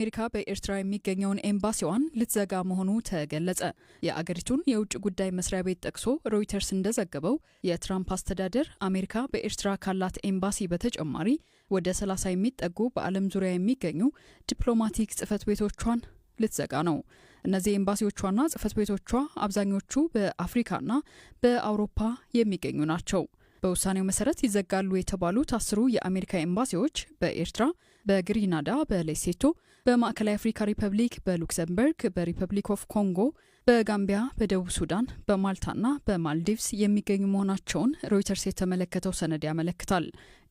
አሜሪካ በኤርትራ የሚገኘውን ኤምባሲዋን ልትዘጋ መሆኑ ተገለጸ። የአገሪቱን የውጭ ጉዳይ መስሪያ ቤት ጠቅሶ ሮይተርስ እንደዘገበው የትራምፕ አስተዳደር አሜሪካ በኤርትራ ካላት ኤምባሲ በተጨማሪ ወደ 30 የሚጠጉ በዓለም ዙሪያ የሚገኙ ዲፕሎማቲክ ጽፈት ቤቶቿን ልትዘጋ ነው። እነዚህ ኤምባሲዎቿና ጽፈት ቤቶቿ አብዛኞቹ በአፍሪካና በአውሮፓ የሚገኙ ናቸው። በውሳኔው መሰረት ይዘጋሉ የተባሉት አስሩ የአሜሪካ ኤምባሲዎች በኤርትራ በግሪናዳ፣ በሌሴቶ፣ በማዕከላዊ አፍሪካ ሪፐብሊክ፣ በሉክሰምበርግ፣ በሪፐብሊክ ኦፍ ኮንጎ፣ በጋምቢያ፣ በደቡብ ሱዳን፣ በማልታና በማልዲቭስ የሚገኙ መሆናቸውን ሮይተርስ የተመለከተው ሰነድ ያመለክታል።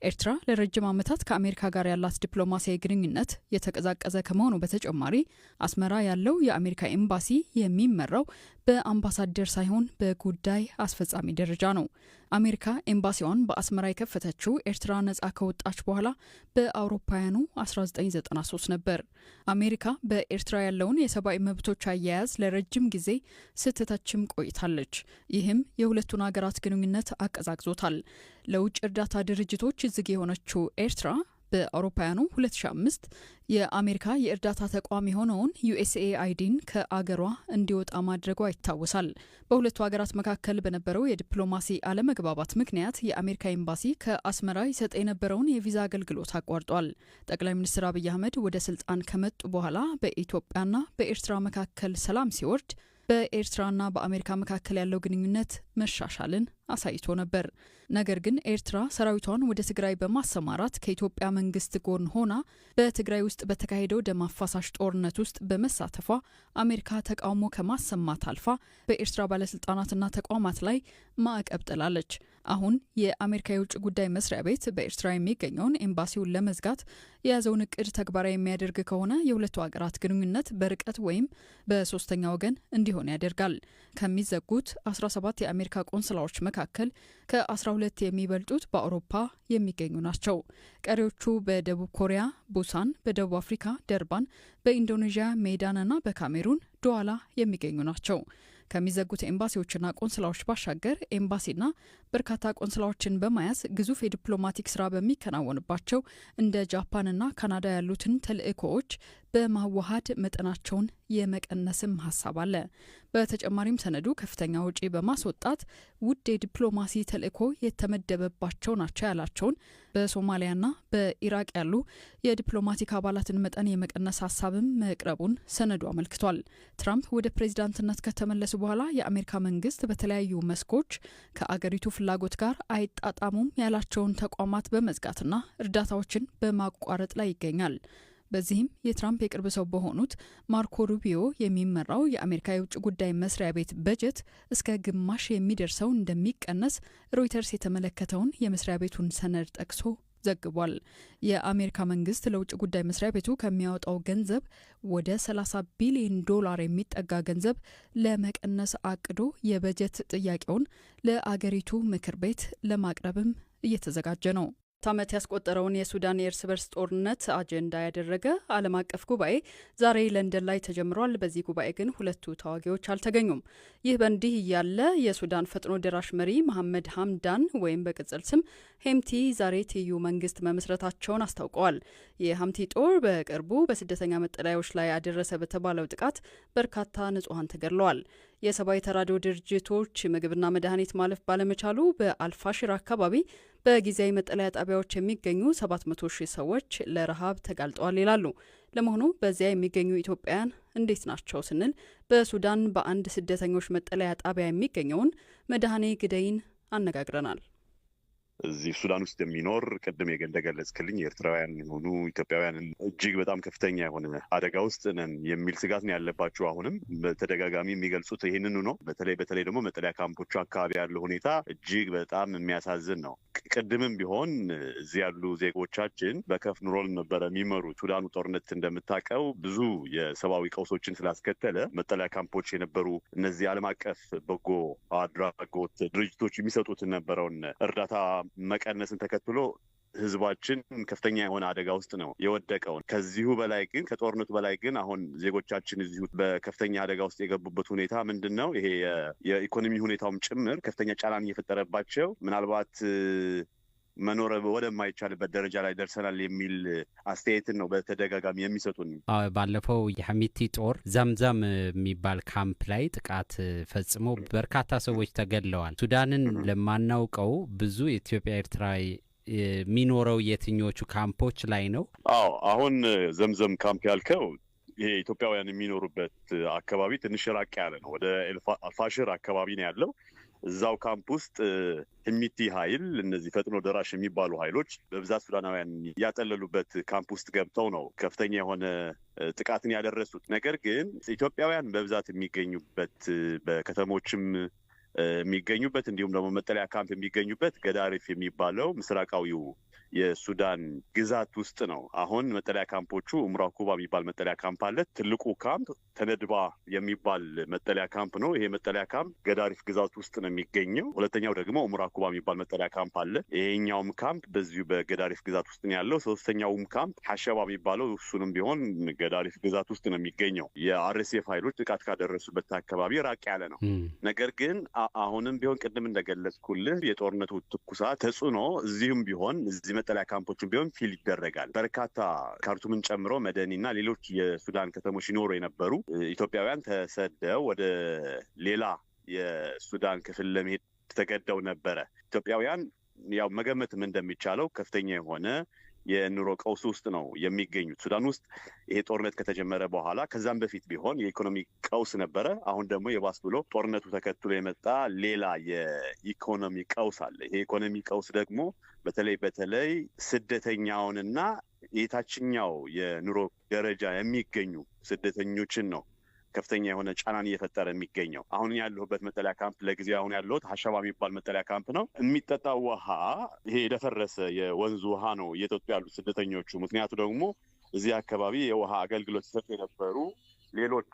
ኤርትራ ለረጅም ዓመታት ከአሜሪካ ጋር ያላት ዲፕሎማሲያዊ ግንኙነት የተቀዛቀዘ ከመሆኑ በተጨማሪ አስመራ ያለው የአሜሪካ ኤምባሲ የሚመራው በአምባሳደር ሳይሆን በጉዳይ አስፈጻሚ ደረጃ ነው። አሜሪካ ኤምባሲዋን በአስመራ የከፈተችው ኤርትራ ነጻ ከወጣች በኋላ በአውሮፓውያኑ 1993 ነበር። አሜሪካ በኤርትራ ያለውን የሰብአዊ መብቶች አያያዝ ለረጅም ጊዜ ስትተችም ቆይታለች። ይህም የሁለቱን ሀገራት ግንኙነት አቀዛቅዞታል። ለውጭ እርዳታ ድርጅቶች ዝግ የሆነችው ኤርትራ በአውሮፓውያኑ 2005 የአሜሪካ የእርዳታ ተቋም የሆነውን ዩኤስኤአይዲን ከአገሯ እንዲወጣ ማድረጓ ይታወሳል። በሁለቱ ሀገራት መካከል በነበረው የዲፕሎማሲ አለመግባባት ምክንያት የአሜሪካ ኤምባሲ ከአስመራ ይሰጥ የነበረውን የቪዛ አገልግሎት አቋርጧል። ጠቅላይ ሚኒስትር አብይ አህመድ ወደ ስልጣን ከመጡ በኋላ በኢትዮጵያና በኤርትራ መካከል ሰላም ሲወርድ በኤርትራና በአሜሪካ መካከል ያለው ግንኙነት መሻሻልን አሳይቶ ነበር። ነገር ግን ኤርትራ ሰራዊቷን ወደ ትግራይ በማሰማራት ከኢትዮጵያ መንግስት ጎን ሆና በትግራይ ውስጥ በተካሄደው ደም አፋሳሽ ጦርነት ውስጥ በመሳተፏ አሜሪካ ተቃውሞ ከማሰማት አልፋ በኤርትራ ባለስልጣናትና ተቋማት ላይ ማዕቀብ ጥላለች። አሁን የአሜሪካ የውጭ ጉዳይ መስሪያ ቤት በኤርትራ የሚገኘውን ኤምባሲውን ለመዝጋት የያዘውን እቅድ ተግባራዊ የሚያደርግ ከሆነ የሁለቱ ሀገራት ግንኙነት በርቀት ወይም በሶስተኛ ወገን እንዲሆን ያደርጋል። ከሚዘጉት 17 የአሜሪካ የአሜሪካ ቆንስላዎች መካከል ከ12 የሚበልጡት በአውሮፓ የሚገኙ ናቸው። ቀሪዎቹ በደቡብ ኮሪያ ቡሳን፣ በደቡብ አፍሪካ ደርባን፣ በኢንዶኔዥያ ሜዳንና በካሜሩን ዱዋላ የሚገኙ ናቸው። ከሚዘጉት ኤምባሲዎችና ቆንስላዎች ባሻገር ኤምባሲና በርካታ ቆንስላዎችን በመያዝ ግዙፍ የዲፕሎማቲክ ስራ በሚከናወንባቸው እንደ ጃፓንና ካናዳ ያሉትን ተልእኮዎች በማዋሃድ መጠናቸውን የመቀነስም ሀሳብ አለ። በተጨማሪም ሰነዱ ከፍተኛ ውጪ በማስወጣት ውድ የዲፕሎማሲ ተልዕኮ የተመደበባቸው ናቸው ያላቸውን በሶማሊያና በኢራቅ ያሉ የዲፕሎማቲክ አባላትን መጠን የመቀነስ ሀሳብም መቅረቡን ሰነዱ አመልክቷል። ትራምፕ ወደ ፕሬዚዳንትነት ከተመለሱ በኋላ የአሜሪካ መንግስት በተለያዩ መስኮች ከአገሪቱ ፍላጎት ጋር አይጣጣሙም ያላቸውን ተቋማት በመዝጋትና እርዳታዎችን በማቋረጥ ላይ ይገኛል። በዚህም የትራምፕ የቅርብ ሰው በሆኑት ማርኮ ሩቢዮ የሚመራው የአሜሪካ የውጭ ጉዳይ መስሪያ ቤት በጀት እስከ ግማሽ የሚደርሰው እንደሚቀነስ ሮይተርስ የተመለከተውን የመስሪያ ቤቱን ሰነድ ጠቅሶ ዘግቧል። የአሜሪካ መንግስት ለውጭ ጉዳይ መስሪያ ቤቱ ከሚያወጣው ገንዘብ ወደ 30 ቢሊዮን ዶላር የሚጠጋ ገንዘብ ለመቀነስ አቅዶ የበጀት ጥያቄውን ለአገሪቱ ምክር ቤት ለማቅረብም እየተዘጋጀ ነው። ሁለት ዓመት ያስቆጠረውን የሱዳን የእርስ በርስ ጦርነት አጀንዳ ያደረገ ዓለም አቀፍ ጉባኤ ዛሬ ለንደን ላይ ተጀምሯል። በዚህ ጉባኤ ግን ሁለቱ ተዋጊዎች አልተገኙም። ይህ በእንዲህ እያለ የሱዳን ፈጥኖ ደራሽ መሪ መሐመድ ሀምዳን ወይም በቅጽል ስም ሄምቲ ዛሬ ትይዩ መንግስት መመስረታቸውን አስታውቀዋል። የሀምቲ ጦር በቅርቡ በስደተኛ መጠለያዎች ላይ አደረሰ በተባለው ጥቃት በርካታ ንጹሐን ተገድለዋል። የሰብአዊ ተራድኦ ድርጅቶች ምግብና መድኃኒት ማለፍ ባለመቻሉ በአልፋሽር አካባቢ በጊዜያዊ መጠለያ ጣቢያዎች የሚገኙ 700 ሺህ ሰዎች ለረሃብ ተጋልጠዋል ይላሉ። ለመሆኑ በዚያ የሚገኙ ኢትዮጵያውያን እንዴት ናቸው ስንል በሱዳን በአንድ ስደተኞች መጠለያ ጣቢያ የሚገኘውን መድኃኔ ግደይን አነጋግረናል። እዚህ ሱዳን ውስጥ የሚኖር ቅድም እንደገለጽክልኝ ኤርትራውያን የሆኑ ኢትዮጵያውያንን እጅግ በጣም ከፍተኛ የሆነ አደጋ ውስጥ ነን የሚል ስጋት ነው ያለባቸው። አሁንም በተደጋጋሚ የሚገልጹት ይህንኑ ነው። በተለይ በተለይ ደግሞ መጠለያ ካምፖቹ አካባቢ ያለው ሁኔታ እጅግ በጣም የሚያሳዝን ነው። ቅድምም ቢሆን እዚህ ያሉ ዜጎቻችን በከፍ ኑሮል ነበረ የሚመሩት። ሱዳኑ ጦርነት እንደምታውቀው ብዙ የሰብአዊ ቀውሶችን ስላስከተለ መጠለያ ካምፖች የነበሩ እነዚህ ዓለም አቀፍ በጎ አድራጎት ድርጅቶች የሚሰጡት ነበረውን እርዳታ መቀነስን ተከትሎ ህዝባችን ከፍተኛ የሆነ አደጋ ውስጥ ነው የወደቀውን። ከዚሁ በላይ ግን ከጦርነቱ በላይ ግን አሁን ዜጎቻችን እዚሁ በከፍተኛ አደጋ ውስጥ የገቡበት ሁኔታ ምንድን ነው? ይሄ የኢኮኖሚ ሁኔታውም ጭምር ከፍተኛ ጫናን እየፈጠረባቸው ምናልባት መኖር ወደማይቻልበት ደረጃ ላይ ደርሰናል የሚል አስተያየትን ነው በተደጋጋሚ የሚሰጡን። ባለፈው የሐሚቲ ጦር ዘምዘም የሚባል ካምፕ ላይ ጥቃት ፈጽሞ በርካታ ሰዎች ተገድለዋል። ሱዳንን ለማናውቀው ብዙ የኢትዮጵያ ኤርትራዊ የሚኖረው የትኞቹ ካምፖች ላይ ነው? አዎ አሁን ዘምዘም ካምፕ ያልከው ይሄ ኢትዮጵያውያን የሚኖሩበት አካባቢ ትንሽ ራቅ ያለ ነው። ወደ አልፋሽር አካባቢ ነው ያለው። እዛው ካምፕ ውስጥ ህሚቲ ኃይል እነዚህ ፈጥኖ ደራሽ የሚባሉ ኃይሎች በብዛት ሱዳናውያን ያጠለሉበት ካምፕ ውስጥ ገብተው ነው ከፍተኛ የሆነ ጥቃትን ያደረሱት። ነገር ግን ኢትዮጵያውያን በብዛት የሚገኙበት በከተሞችም የሚገኙበት እንዲሁም ደግሞ መጠለያ ካምፕ የሚገኙበት ገዳሪፍ የሚባለው ምስራቃዊው የሱዳን ግዛት ውስጥ ነው። አሁን መጠለያ ካምፖቹ ምራኩባ የሚባል መጠለያ ካምፕ አለ። ትልቁ ካምፕ ተነድባ የሚባል መጠለያ ካምፕ ነው። ይሄ መጠለያ ካምፕ ገዳሪፍ ግዛት ውስጥ ነው የሚገኘው። ሁለተኛው ደግሞ ምራኩባ የሚባል መጠለያ ካምፕ አለ። ይሄኛውም ካምፕ በዚሁ በገዳሪፍ ግዛት ውስጥ ነው ያለው። ሶስተኛውም ካምፕ ሐሸባ የሚባለው እሱንም ቢሆን ገዳሪፍ ግዛት ውስጥ ነው የሚገኘው። የአርኤስኤፍ ኃይሎች ጥቃት ካደረሱበት አካባቢ ራቅ ያለ ነው። ነገር ግን አሁንም ቢሆን ቅድም እንደገለጽኩልህ የጦርነቱ ትኩሳት ተጽዕኖ እዚህም ቢሆን እዚህ የመጠለያ ካምፖችን ቢሆን ፊል ይደረጋል። በርካታ ካርቱምን ጨምሮ መደኒና ሌሎች የሱዳን ከተሞች ይኖሩ የነበሩ ኢትዮጵያውያን ተሰደው ወደ ሌላ የሱዳን ክፍል ለመሄድ ተገደው ነበረ። ኢትዮጵያውያን ያው መገመትም እንደሚቻለው ከፍተኛ የሆነ የኑሮ ቀውስ ውስጥ ነው የሚገኙት። ሱዳን ውስጥ ይሄ ጦርነት ከተጀመረ በኋላ ከዛም በፊት ቢሆን የኢኮኖሚ ቀውስ ነበረ። አሁን ደግሞ የባስ ብሎ ጦርነቱ ተከትሎ የመጣ ሌላ የኢኮኖሚ ቀውስ አለ። ይሄ ኢኮኖሚ ቀውስ ደግሞ በተለይ በተለይ ስደተኛውንና የታችኛው የኑሮ ደረጃ የሚገኙ ስደተኞችን ነው ከፍተኛ የሆነ ጫናን እየፈጠረ የሚገኘው። አሁን ያለሁበት መጠለያ ካምፕ ለጊዜ አሁን ያለሁት ሀሸባ የሚባል መጠለያ ካምፕ ነው። የሚጠጣው ውሃ ይሄ የደፈረሰ የወንዝ ውሃ ነው እየጠጡ ያሉት ስደተኞቹ። ምክንያቱ ደግሞ እዚህ አካባቢ የውሃ አገልግሎት ይሰጡ የነበሩ ሌሎች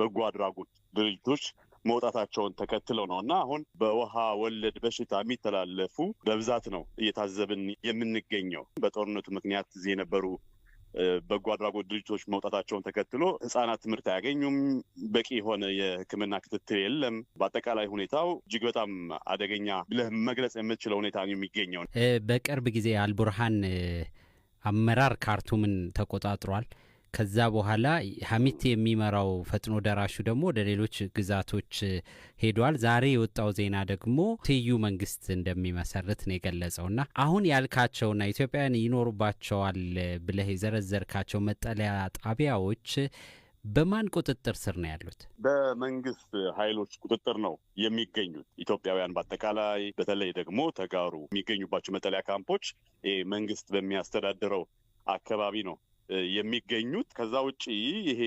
በጎ አድራጎት ድርጅቶች መውጣታቸውን ተከትለው ነው እና አሁን በውሃ ወለድ በሽታ የሚተላለፉ በብዛት ነው እየታዘብን የምንገኘው። በጦርነቱ ምክንያት እዚህ የነበሩ በጎ አድራጎት ድርጅቶች መውጣታቸውን ተከትሎ ህጻናት ትምህርት አያገኙም። በቂ የሆነ የህክምና ክትትል የለም። በአጠቃላይ ሁኔታው እጅግ በጣም አደገኛ ብለህ መግለጽ የምትችለው ሁኔታ ነው የሚገኘው። በቅርብ ጊዜ አልቡርሃን አመራር ካርቱምን ተቆጣጥሯል። ከዛ በኋላ ሀሚት የሚመራው ፈጥኖ ደራሹ ደግሞ ወደ ሌሎች ግዛቶች ሄዷል። ዛሬ የወጣው ዜና ደግሞ ትይዩ መንግስት እንደሚመሰርት ነው የገለጸው ና አሁን ያልካቸውና ኢትዮጵያውያን ይኖሩባቸዋል ብለህ የዘረዘርካቸው መጠለያ ጣቢያዎች በማን ቁጥጥር ስር ነው ያሉት? በመንግስት ኃይሎች ቁጥጥር ነው የሚገኙት። ኢትዮጵያውያን በአጠቃላይ በተለይ ደግሞ ተጋሩ የሚገኙባቸው መጠለያ ካምፖች መንግስት በሚያስተዳድረው አካባቢ ነው የሚገኙት። ከዛ ውጭ ይሄ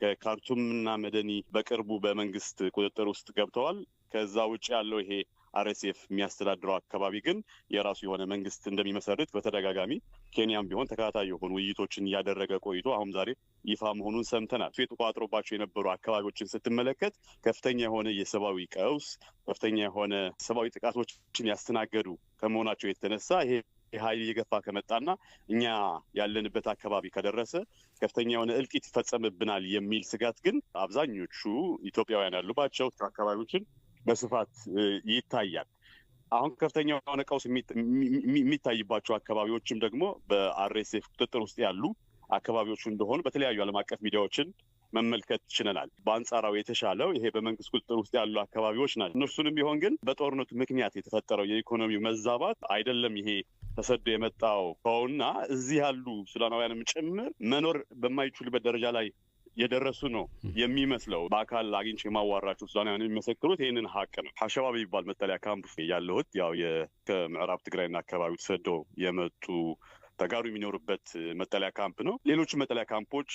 ከካርቱምና መደኒ በቅርቡ በመንግስት ቁጥጥር ውስጥ ገብተዋል። ከዛ ውጭ ያለው ይሄ አርኤስኤፍ የሚያስተዳድረው አካባቢ ግን የራሱ የሆነ መንግስት እንደሚመሰርት በተደጋጋሚ ኬንያም ቢሆን ተከታታይ የሆኑ ውይይቶችን እያደረገ ቆይቶ አሁን ዛሬ ይፋ መሆኑን ሰምተናል። የተቋጥሮባቸው የነበሩ አካባቢዎችን ስትመለከት ከፍተኛ የሆነ የሰብአዊ ቀውስ፣ ከፍተኛ የሆነ ሰብአዊ ጥቃቶችን ያስተናገዱ ከመሆናቸው የተነሳ ይሄ ኃይል እየገፋ ከመጣና እኛ ያለንበት አካባቢ ከደረሰ ከፍተኛ የሆነ እልቂት ይፈጸምብናል የሚል ስጋት ግን አብዛኞቹ ኢትዮጵያውያን ያሉባቸው አካባቢዎችን በስፋት ይታያል። አሁን ከፍተኛ የሆነ ቀውስ የሚታይባቸው አካባቢዎችም ደግሞ በአርኤስኤፍ ቁጥጥር ውስጥ ያሉ አካባቢዎቹ እንደሆኑ በተለያዩ አለም አቀፍ ሚዲያዎችን መመልከት ችለናል። በአንጻራዊ የተሻለው ይሄ በመንግስት ቁጥጥር ውስጥ ያሉ አካባቢዎች ናቸው። እነርሱንም ቢሆን ግን በጦርነቱ ምክንያት የተፈጠረው የኢኮኖሚ መዛባት አይደለም ይሄ ተሰዶ የመጣው ከውና እዚህ ያሉ ሱዳናውያንም ጭምር መኖር በማይችሉበት ደረጃ ላይ የደረሱ ነው የሚመስለው። በአካል አግኝቼ የማዋራቸው ሱዳናውያን የሚመሰክሩት ይህንን ሀቅ ነው። ሀሸባብ የሚባል መጠለያ ካምፕ ያለሁት ያው ከምዕራብ ትግራይና አካባቢ ተሰዶ የመጡ ተጋሩ የሚኖሩበት መጠለያ ካምፕ ነው። ሌሎች መጠለያ ካምፖች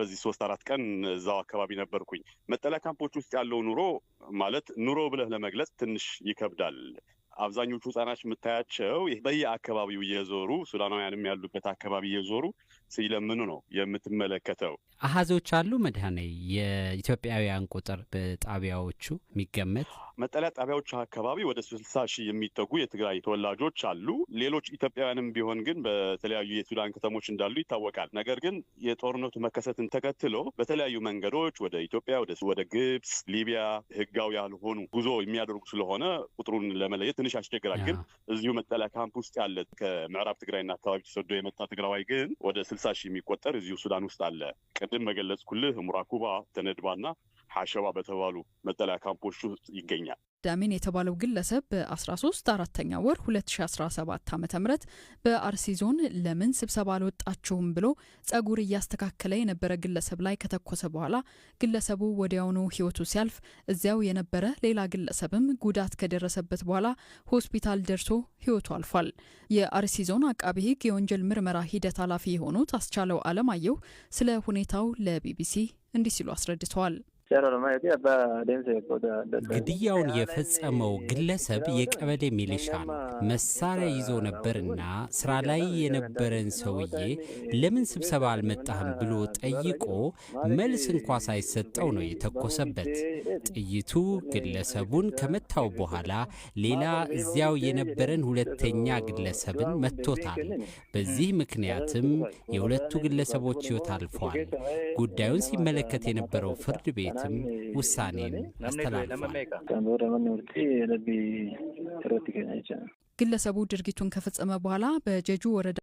በዚህ ሶስት አራት ቀን እዛው አካባቢ ነበርኩኝ። መጠለያ ካምፖች ውስጥ ያለው ኑሮ ማለት ኑሮ ብለህ ለመግለጽ ትንሽ ይከብዳል። አብዛኞቹ ህጻናች የምታያቸው በየአካባቢው እየዞሩ ሱዳናውያንም ያሉበት አካባቢ እየዞሩ ሲለምኑ ነው የምትመለከተው። አሀዞች አሉ መድኃኔ የኢትዮጵያውያን ቁጥር በጣቢያዎቹ የሚገመት መጠለያ ጣቢያዎች አካባቢ ወደ ስልሳ ሺህ የሚጠጉ የትግራይ ተወላጆች አሉ። ሌሎች ኢትዮጵያውያንም ቢሆን ግን በተለያዩ የሱዳን ከተሞች እንዳሉ ይታወቃል። ነገር ግን የጦርነቱ መከሰትን ተከትሎ በተለያዩ መንገዶች ወደ ኢትዮጵያ፣ ወደ ግብፅ፣ ሊቢያ ህጋዊ ያልሆኑ ጉዞ የሚያደርጉ ስለሆነ ቁጥሩን ለመለየት ትንሽ ያስቸግራል። ግን እዚሁ መጠለያ ካምፕ ውስጥ ያለ ከምዕራብ ትግራይና አካባቢ ተሰዶ የመጣ ትግራዋይ ግን ወደ ስልሳ ሺህ የሚቆጠር እዚሁ ሱዳን ውስጥ አለ። ቅድም መገለጽኩልህ ሙራኩባ ተነድባና አሸባ በተባሉ መጠለያ ካምፖች ውስጥ ይገኛል። ዳሜን የተባለው ግለሰብ በ13 አራተኛ ወር 2017 ዓ ም በአርሲ ዞን ለምን ስብሰባ አልወጣችሁም ብሎ ጸጉር እያስተካከለ የነበረ ግለሰብ ላይ ከተኮሰ በኋላ ግለሰቡ ወዲያውኑ ሕይወቱ ሲያልፍ እዚያው የነበረ ሌላ ግለሰብም ጉዳት ከደረሰበት በኋላ ሆስፒታል ደርሶ ሕይወቱ አልፏል። የአርሲ ዞን አቃቢ ሕግ የወንጀል ምርመራ ሂደት ኃላፊ የሆኑት አስቻለው አለማየሁ ስለ ሁኔታው ለቢቢሲ እንዲህ ሲሉ አስረድተዋል። ግድያውን የፈጸመው ግለሰብ የቀበሌ ሚሊሻ ነው። መሳሪያ ይዞ ነበርና ስራ ላይ የነበረን ሰውዬ ለምን ስብሰባ አልመጣህም ብሎ ጠይቆ መልስ እንኳ ሳይሰጠው ነው የተኮሰበት። ጥይቱ ግለሰቡን ከመታው በኋላ ሌላ እዚያው የነበረን ሁለተኛ ግለሰብን መቶታል። በዚህ ምክንያትም የሁለቱ ግለሰቦች ሕይወት አልፏል። ጉዳዩን ሲመለከት የነበረው ፍርድ ቤት ትምህርትም ውሳኔም አስተላልፏል። ግለሰቡ ድርጊቱን ከፈጸመ በኋላ በጀጁ ወረዳ